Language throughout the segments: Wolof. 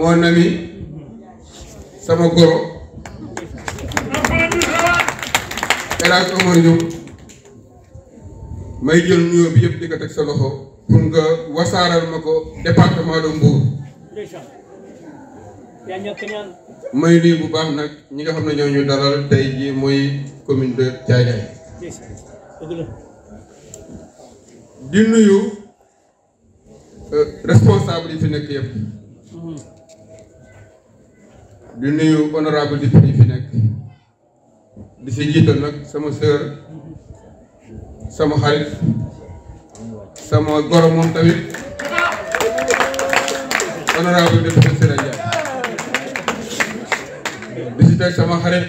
mon ami sama goro El Hadj Omar Diop may jël nuyoo bi yëpp di teg sa loxo pour nga wasaaral ma ko département de Mbour may nuyu bu baax nag ñi nga xam ne ñoo ñu dalal tey jii mooy commune de Thiadiaye di nuyu euh, responsable yi fi nekk yëpp. di nuyu honorable député yi fi nek di ci jiital nak sama sœur sama xarit sama gorom mom tawit honorable député sénégal di ci tay sama xarit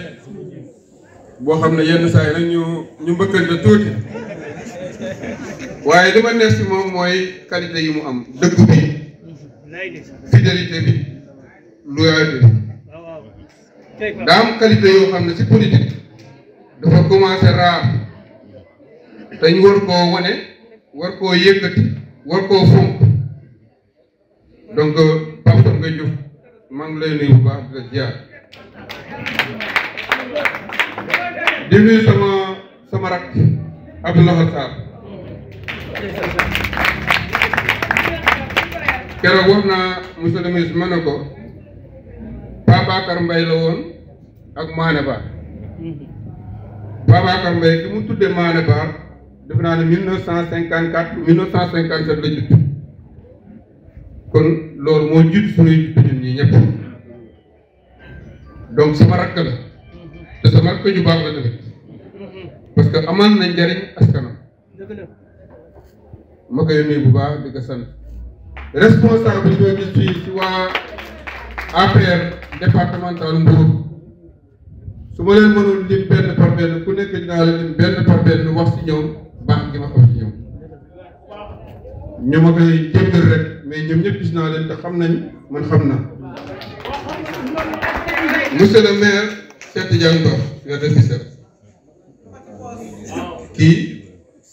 bo xam yenn say nak ñu ñu mbëkkante da tuti waye dama neex ci mom moy qualité yi mu am deug bi fidélité bi loyauté dam am qualité yoo xam ne politique dafa commencé raar te war ko woné war ko yëkkati war ko fonk donc euh, Pape Samba Diouf maa ngi lay nuyu ba baax di dimi sama sama rak abdullah Sarr keroog wax naa monsieur le ministre ma ne ko la woon. ak Mané Bar Babacar mhm. Mbaye li mu tudde Mané Bar def naa ne mille neuf cent cinquante quatre mille neuf cent cinquante sept la judd kon loolu moo jiitu suñuy judd ñun ñii ñëpp donc sama rakk la mhm. te sama rakk ju baax la mhm. parce que amal nañ njariñ askanam ma koy nuyu bu baax di ko sant responsable bi ñoo si waa APR départemental Mbour su ma leen mënoon lim benn par benn ku nekk dinaa la lim benn par benn wax si ñoom baax gi ma xam si ñoom ñu ma koy jéggal rek mais ñoom ñëpp gis naa leen te xam nañ man xam naa monsieur le maire Cheikh Tidiane Ba la defiser kii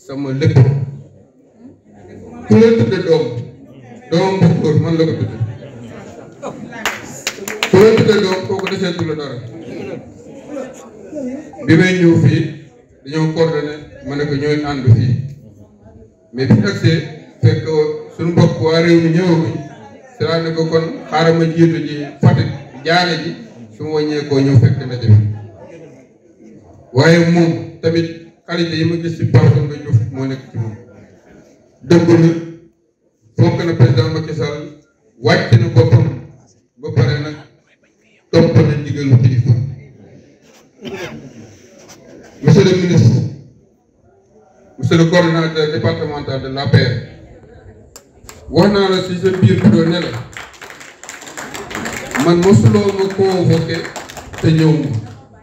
sama lépp ku leen tudde doom doom bu góor man la ko tudde ku leen tudde doom kooku deseetu la dara bi may ñëw fii dañoo coordonné ma ne ko ñooy ànd fii mais bi agsee fekk suñu bopp waa réew mi ñëwaguñ sera ne ko kon xaaral ma jiitu ji Fatick jaale ji su ma wàññeekoo ñëw fekk na jëm waaye moom tamit qualité yi ma gis ci Pape Demba Diouf nekk ci moom dëgg na fonk na président Macky Sall wàcc na boppam ba pare nag topp na ndigalu monsieur le ministre monsieur le coordonnateur départemental de l'APR wax naa la si sa biir bu doon ne la man mosuloo ma convoqué te ñëw ma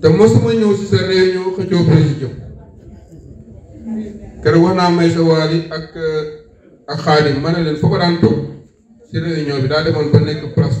te mosuma ñëw si sa réunion xëccoo président keroog wax naa may sa waali ak ak xaadim ma ne leen foofa daan toog si réunion bi daal demoon ba nekk place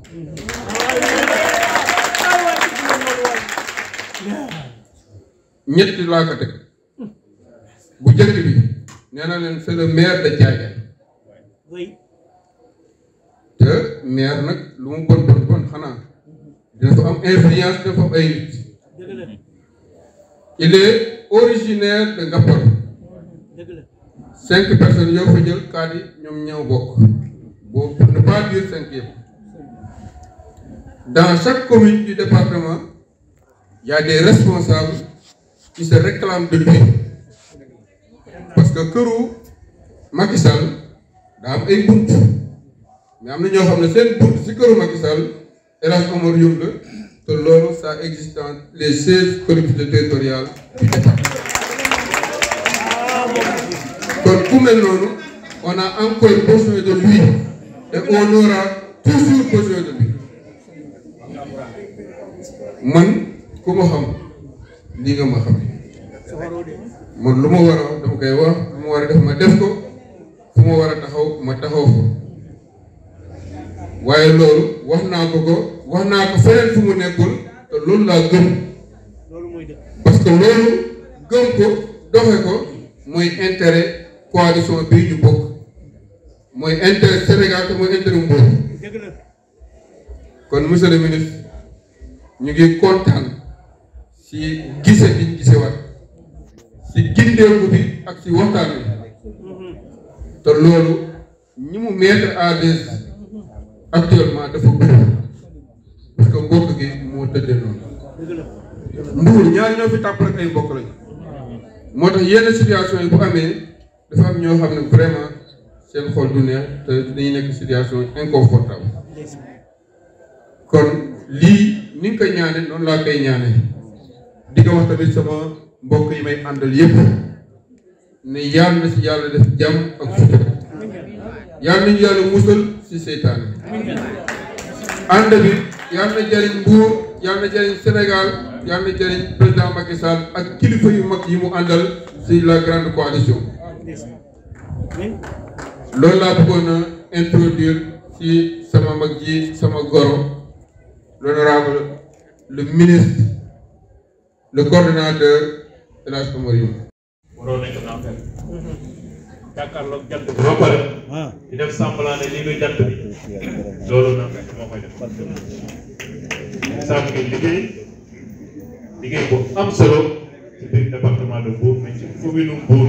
ñetti la ko tek bu jëkk bi neena na leen c'est le maire de Thiadiane te maire nag lu mu bon bon bon xanaa dina am influence dina fa am ay nit il est originaire de Ngaparou cinq personnes yoo fa jël kaat yi ñoom ñëw bokk boobu pour ne pas dire cinq yëpp dans chaque commune du département il y a des responsables qui se réclame de lui parce que Kourou Macky Sall ay mais il y a xam c'est seen si këru Macky Sall El Hadj Omar Youm la ça les 16 collectivités territoriales du départ Donc, tout on a encore besoin de lui et on aura toujours besoin de lui man nii nga ma xam man lu ma war a wax dama koy wax lu ma war a def ma def ko fu ma war a taxaw ma taxaw ko waaye loolu wax naa ko ko wax naa ko feneen fu mu nekkul te loolu laa gëm parce que loolu gëm ko doxe ko mooy intérêt coalition bii ñu bokk mooy intérêt Sénégal te mooy intérêt Mbour kon monsieur le ministre ñu ngi kontaan. si gise biñ gise waat si gindeeku bi ak si waxtaan bi te loolu ñi mu mettre à actuellement dafa bëri parce que mbokk gi moo tëddee noonu mbuur ñaari ñoo fi tàpp rek ay mbokk lañ moo tax yenn situation yi bu amee dafa am ñoo xam ne vraiment seen xol du neex te dañuy nekk situation inconfortable kon lii ni nga koy noonu laa koy ñaane di ko wax sama mbokk yi may àndal yépp ne yàlla na ci yàlla def jàmm ak sutura yàlla nañu yàlla musal ci seytaane ànd bi yàlla na jariñ Mbuur yàlla na jariñ Sénégal yàlla na jariñ président Macky ak kilifa yu mag yi mu àndal ci la grande coalition loolu laa bëggoon a ci sama mag ji sama goro l'honorable le ministre le coordonnateur de la Somalie. waroo nekk Nampel. Mhm. jàkkaarloog jant bi ba pare. Ah. di def semblant ne lii du jant bi. loolu Nampel moo koy def. sàmm gi liggéey liggéey bu am solo ci biir département de Mbour mais ci commune Mbour.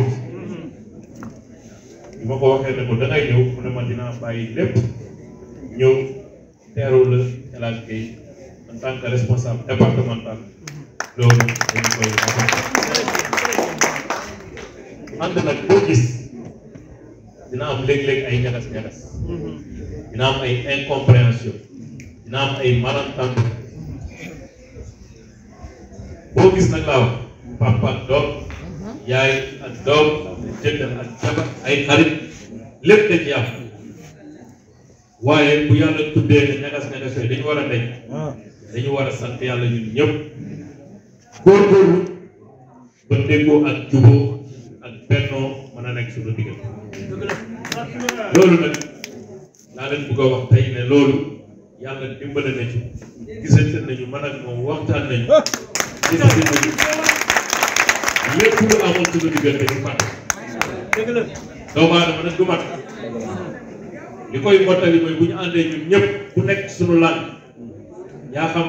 bi ma ko waxee ne ko da ñëw mu ne ma dinaa bàyyi lépp ñëw teeru la El Hadj Gueye responsable départemental. loolu dañ koy nag boo gis dina am léeg-léeg ay ñagas-ñagas mm-hmm. dina am ay incompréhension dina am ay malentendu boo gis nag laa papa ak mm-hmm. yaay ak doom ay xarit lépp dañ ci waaye bu yàlla tuddee ne ñagas-ñagas yooyu dañu war a dañ ah. dañu war a sant yàlla ñun ñëpp góorgóorlu ba déggoo ak jubóo ak bennoo mën a nekk suñu diggante loolu nag daa leen bëgg wax tey ne loolu yàlla dimbale na ci nañu man ak moom waxtaan nañu ah! gisante nañu lépp nekk suñu làng yaa xam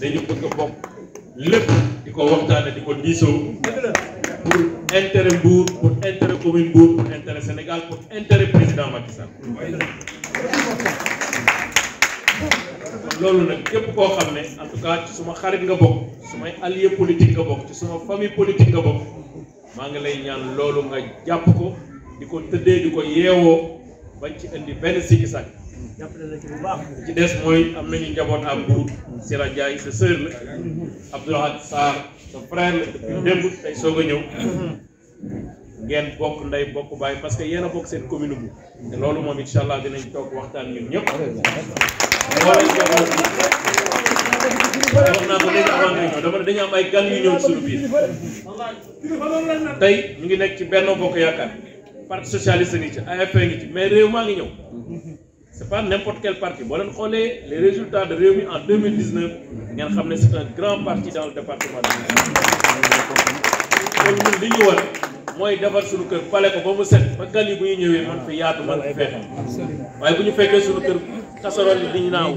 dañu bëgg a bokk lépp di ko waxtaane di ko diisoo bu intérêt Mbour pour intérêt commune Mbour pour intérêt Sénégal pour intérêt président Macky Sall loolu nag képp koo xam ne en ci suma xarit nga bokk sumay allié politique nga bokk ci suma famille politique nga bokk maa ngi lay ñaan loolu nga jàpp ko di ko tëddee di ko yeewoo ba ci indi benn ci des mooy am nañu njaboot am bu Sira Ndiaye sa sœur la Abdoulahad Sarr sa frère la depuis démb tey ngeen bokk ndey parce que seen commune bu te allah dinañ toog waxtaan ñun ñëpp dama dañu am ay gan yu ñëw suñu biir tey ñu ngi ci benn parti socialiste ngi ci AFP ngi ci mais ngi c'est pas n'importe quel parti boo leen xoolee les résultats de Réumi en 2019 ngeen xam ne c'est un grand parti dans le département de kon ñun li ñu war mooy defar suñu kër pale ko ba mu set ba gan yi bu ñu ñëwee man fi yaatu man fi fexe waaye bu ñu fekkee suñu kër kasarool yi di naaw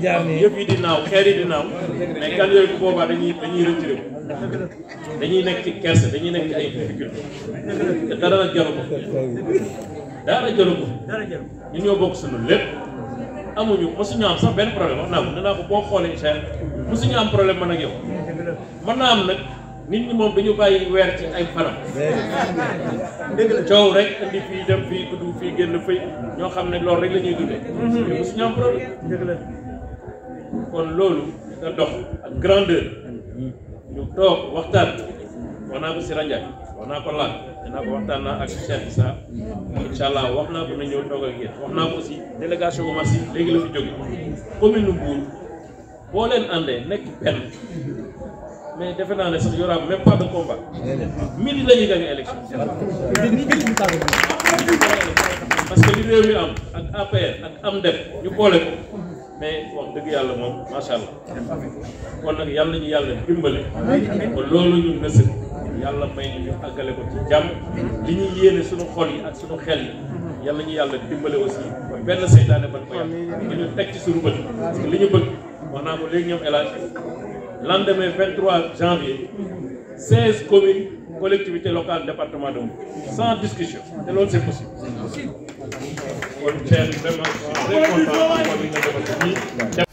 yëpp yi di naaw xeer yi di naaw mais gan yooyu bu boobaa dañuy dañuy retiré dañuy nekk ci kerse dañuy nekk ci ay difficulté te dara jaru ko dara jaru ko ñun ñoo bokk suñu lépp amuñu mosuñu am sax benn problème wax naa ko danaa ko boo xoolee incha allah mosuñu am problème man ak yow mën naa am nag nit ñi moom dañu bàyyi weer ci ay fanam. dëgg coow rek indi fii dem fii dugg fii génn fay ñoo xam ne loolu rek la ñuy dundee. mais mosuñu am problème. kon loolu da dox ak grandeur mm-hmm. ñu toog waxtaan wax naa ko si rajo wax naa ko laaj. dinaa ko waxtaan naa ak Cheikh Issa incha allah wax naa ko na ñëw toog ak yéen wax naa ko aussi délégation bu marché léegi la fi jóge commune nu Mbour boo leen àndee nekk benn mais defe naa ne sax y aura même pas de combat midi la ñuy gagné élection parce que li réew mi am ak APR ak am def ñu boole ko mais wax dëgg yàlla moom macha allah kon nag yàlla ñu yàlla dimbale loolu ñu nësëg yalla may ñu agalé ko ci jàmm li ñuy yéene suñu xol yi ak suñu xel yi mhm. yàlla ñu yalla dimbale aussi benn seytaane ba ko yalla ñu teg ci suñu bët li ñu bëgg wax naa ko léegi ñom élage lendemain 23 janvier 16 communes collectivités locales département de sans discussion et loolu c'est possible kon Thierno vraiment très content